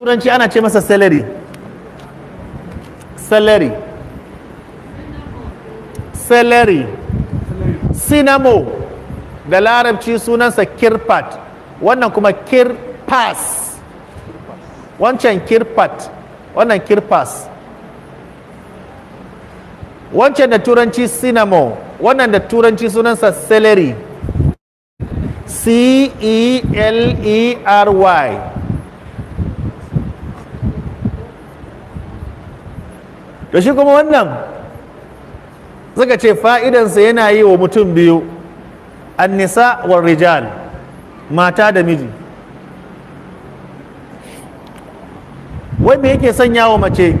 turanci ana ce masa salary salary salary sinamo da larabci sunansa kirpat wannan kuma kirpas wancan kirpat wannan kirpas wancan da turanci sinamo wannan da turanci sunansa celery c-e-l-e-r-y da shi kuma wannan suka ce fa'idansa yana yi wa mutum biyu annisa wa rijal mata da miji Wai me yake sanya wa mace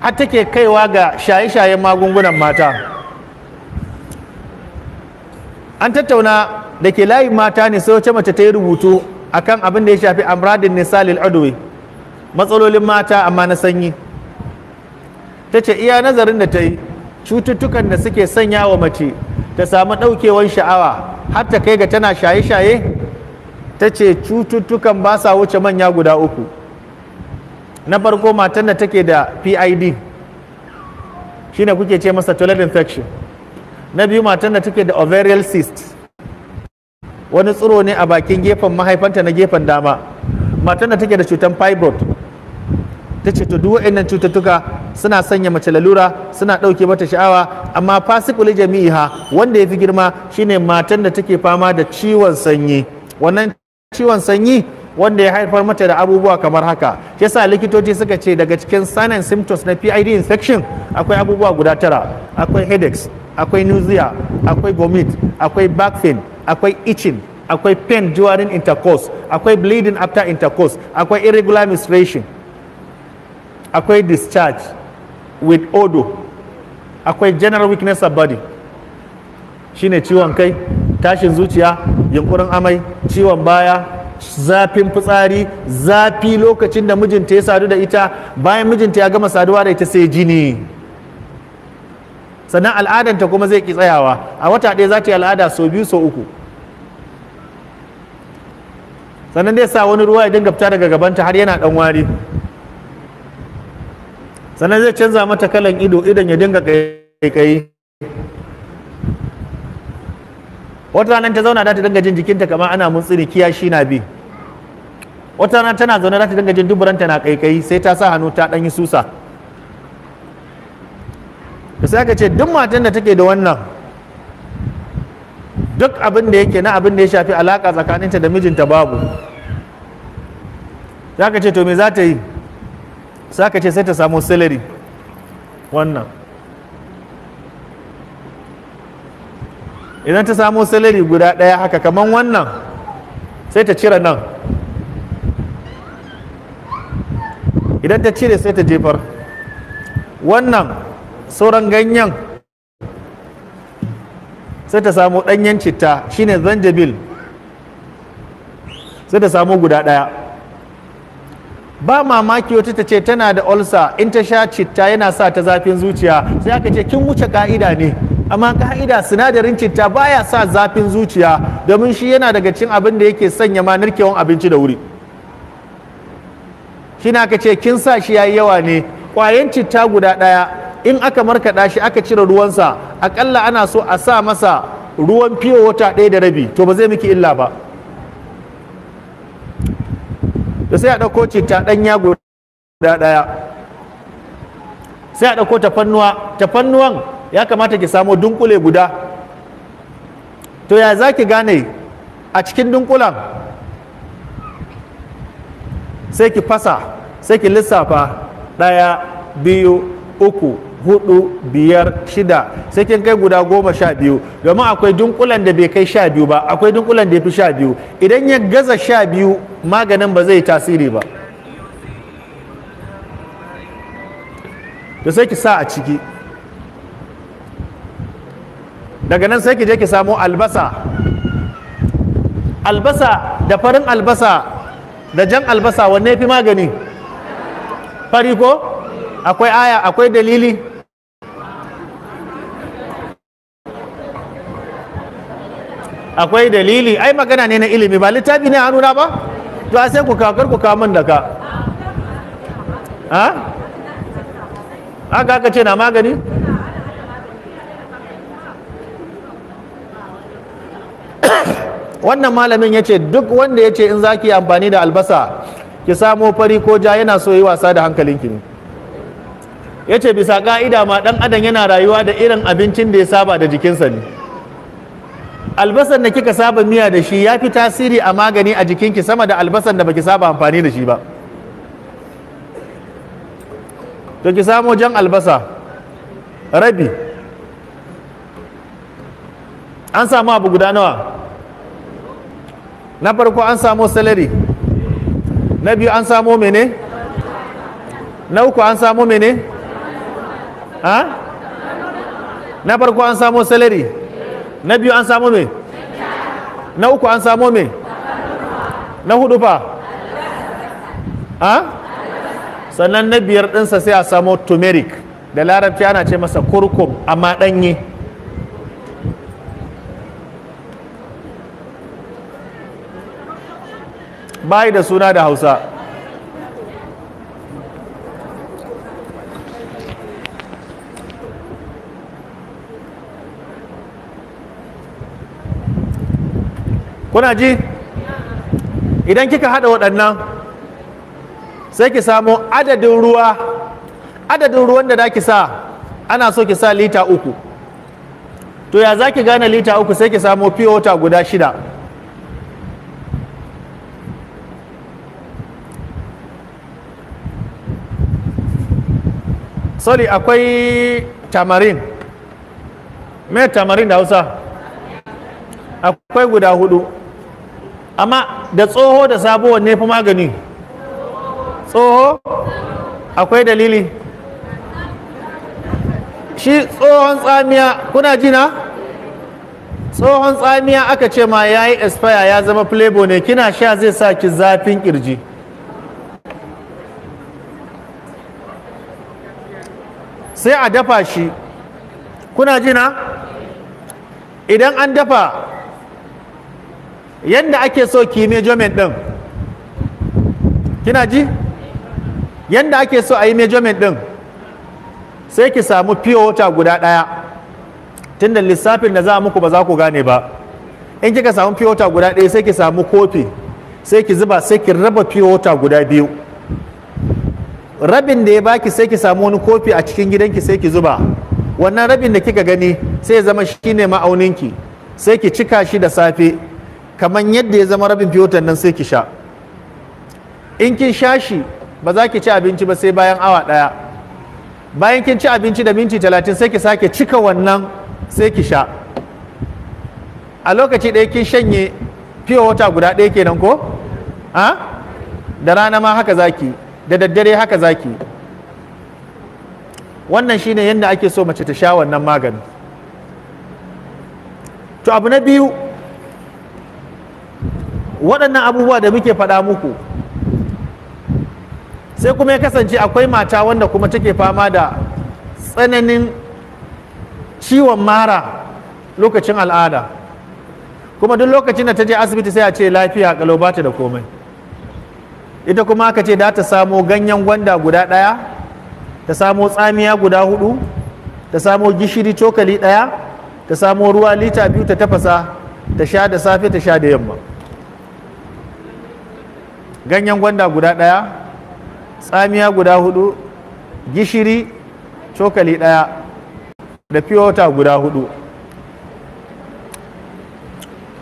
har take kaiwa ga shaye-shayen magungunan mata an tattauna da ke layin mata ne sai wace mace ta yi rubutu akan abin da ya shafi amradin nisa lil matsalolin mata amma na sanyi ta ce iya nazarin da ta yi cututtukan da suke sanya wa mace ta samu ɗaukewar sha'awa har ta kai ga tana shaye-shaye ta ce cututtukan ba sa wuce manya guda uku na farko matan da take da pid shine kuke ce masa toilet infection na biyu matan da take da ovarian cyst wani tsiro ne a bakin gefen mahaifanta na gefen dama matan da take da cutar fibroid ta ce to duk wa'annan cututtuka suna sanya mace lalura suna ɗauke mata sha'awa amma fasikul jami'iha wanda ya fi girma shine matan da take fama da ciwon sanyi wannan ciwon sanyi wanda ya haifar mata da abubuwa kamar haka yasa likitoci suka ce daga cikin sign and symptoms na PID infection akwai abubuwa guda tara akwai headaches akwai nausea akwai vomit akwai back pain akwai itching akwai pain during intercourse akwai bleeding after intercourse akwai irregular menstruation akwai discharge with odo akwai general weakness of body shine ciwon kai tashin zuciya yunkurin amai ciwon baya zafin fitsari zafi lokacin da mijinta ya sadu da ita bayan mijinta ya gama saduwa da ita sai jini sannan al'adanta kuma zai ki tsayawa a wata ɗaya za ta yi al'ada sau biyu sau uku sannan zai sa wani ruwa ya dinga fita daga gabanta har yana ɗan wari sannan zai canza mata kalan ido idan ya dinga kai wata ranar ta zauna za ta dinga jin jikinta kamar ana kiya shi na bi wata ranar tana zaune za ta dinga jin duburanta na kai-kai, sai ta sa hannu ta ɗanyi susa da sai aka ce duk matan da take da wannan duk abin da yake na abin da ya shafi alaƙa tsakaninta da mijinta babu za ka ce to me za ta yi sai ka ce sai ta samu celery wannan idan ta samu celery guda ɗaya haka kamar wannan sai ta cire nan idan ta cire sai ta jefar wannan sauran ganyen sai ta samu ɗanyen citta shine zanjabil sai ta samu guda ɗaya ba mamaki wata ta ce tana da olsa in ta sha citta yana sa ta zafin zuciya sai aka ce kin wuce ka'ida ne amma ka'ida sinadarin citta baya sa zafin zuciya domin shi yana daga cin abin da yake sanya ma narkewan abinci da wuri shi na aka ce kin sa shi yayi yawa ne kwayan citta guda ɗaya in aka markaɗa shi aka cire ruwansa akalla ana so a sa masa ruwan fiye wata ɗaya da rabi to ba zai miki illa ba da sai a ɗauko citta ɗanya guda ɗaya sai a ɗauko tafannuwa tafannuwan ya kamata ki samo dunkule guda to ya za gane a cikin dunkulan sai ki fasa sai ki lissafa ɗaya biyu uku hudu biyar shida sai kin kai guda goma sha biyu domin akwai dunkulan da bai kai sha biyu ba akwai dunkulan da ya fi sha biyu idan ya gaza sha biyu maganin ba zai tasiri ba da sai ki sa a ciki daga nan sai ki je ki samo albasa albasa da farin albasa da jan albasa wanne fi magani fari ko akwai aya akwai dalili akwai dalili ai magana ne na ilimi ba littafi ne nuna ba to a sai ku kakar ku kamun da ka ha aka aka ce na magani wannan malamin ya ce duk wanda ya ce in za ki amfani da albasa ki samo fari ko ja yana so yi wasa da hankalinki ne ya ce bisa ka'ida ma ɗan adam yana rayuwa da irin abincin da ya saba da jikinsa ne albasan da kika saba miya da shi ya fi tasiri a magani a jikinki sama da albasan da baki saba amfani da shi ba to ki samo jan albasa rabi an samu abu guda nawa na farko an samo salari na biyu an samo mene na uku an samo mene ha na farko an samo salari na biyu an samo me na uku an samo me na hudu fa ha sannan na biyar ɗinsa sai a samo turmeric da larabci ana ce masa kurkum amma ɗanye bayi da suna da hausa kuna ji idan kika hada waɗannan sai ki samu adadin ruwa adadin ruwan da daki sa ana so ki sa lita uku to ya za ki gane lita uku sai ki samu pure water guda shida sorry akwai tamarin mai tamarin da hausa akwai guda hudu amma da tsoho da sabuwar ne fi magani tsoho akwai dalili shi tsohon tsamiya kuna jina tsohon tsamiya aka ce ma ya yi espaya ya zama plebo ne kina sha zai sa ki zafin kirji sai a dafa shi kuna jina idan an dafa yadda ake so ki measurement ɗin kina ji yadda ake so a yi measurement ɗin sai ki samu pure water guda ɗaya tunda lissafin da za muku ba za ku gane ba in kika samu pure water guda ɗaya sai ki samu kofi sai ki zuba sai ki raba pure water guda biyu rabin da ya baki sai ki samu wani kofi a cikin gidanki sai ki zuba wannan rabin da kika gani sai ya zama shine ma'auninki sai ki cika shi da safe kamar yadda ya zama rabin fiyotan nan sai ki sha in kin sha shi ba za ki ci abinci ba sai bayan awa ɗaya bayan kin ci abinci da minti talatin sai ki sake cika wannan sai ki sha a lokaci ɗaya kin shanye fiye wata guda ɗaya kenan ko ha? da rana ma haka zaki da daddare haka zaki wannan shine yadda ake so mace ta sha wannan magani to abu na biyu waɗannan abubuwa da muke faɗa muku sai kuma ya kasance akwai mata wanda kuma take fama da tsananin ciwon mara lokacin al'ada kuma duk lokacin da ta je asibiti sai a ce lafiya kalau bata da komai ita kuma aka ce da ta samo ganyen gwanda guda ɗaya ta samo tsamiya guda hudu ta samo gishiri cokali ɗaya ta samo ruwa lita biyu ta tafasa ta sha da safe ta sha da yamma ganyen gwanda guda ɗaya tsamiya guda hudu gishiri cokali ɗaya da fiyota guda hudu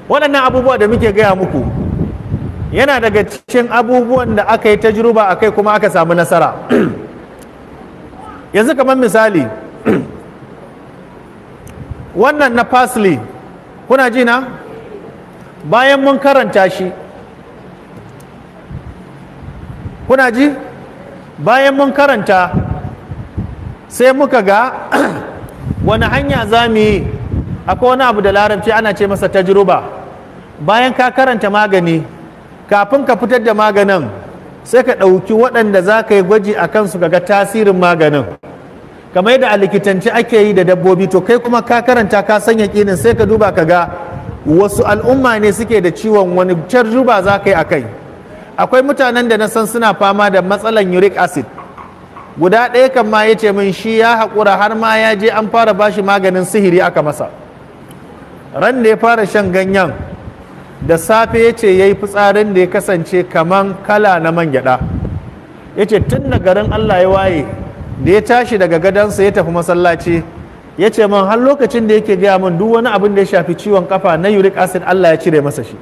waɗannan abubuwa da muke gaya muku yana daga cikin abubuwan da aka yi tajruba a kai kuma aka samu nasara yanzu kamar misali wannan na parsley kuna jina bayan mun karanta shi kuna ji bayan mun karanta sai muka ga wani hanya za mu yi akwai wani abu da larabci ana ce masa tajruba bayan ka karanta magani kafin ka fitar da maganin sai ka ɗauki waɗanda za ka yi gwaji a kansu ga tasirin maganin kamar yadda a likitanci ake yi da dabbobi to kai kuma ka karanta ka sanya ƙinin sai ka duba ka ga wasu al'umma ne suke da ciwon wani tajruba za ka yi a kai akwai mutanen da na san suna fama da matsalan uric acid guda ɗaya kan ma ya ce min shi ya haƙura har ma ya je an fara bashi maganin sihiri aka masa ran da ya fara shan ganyen da safe ya ce ya yi fitsarin da ya kasance kaman kala na man gyaɗa ya ce tun da garin allah ya waye da ya tashi daga gadansa ya tafi masallaci ya ce man har lokacin da yake gaya min duk wani abin da ya shafi ciwon kafa na uric acid allah ya cire masa shi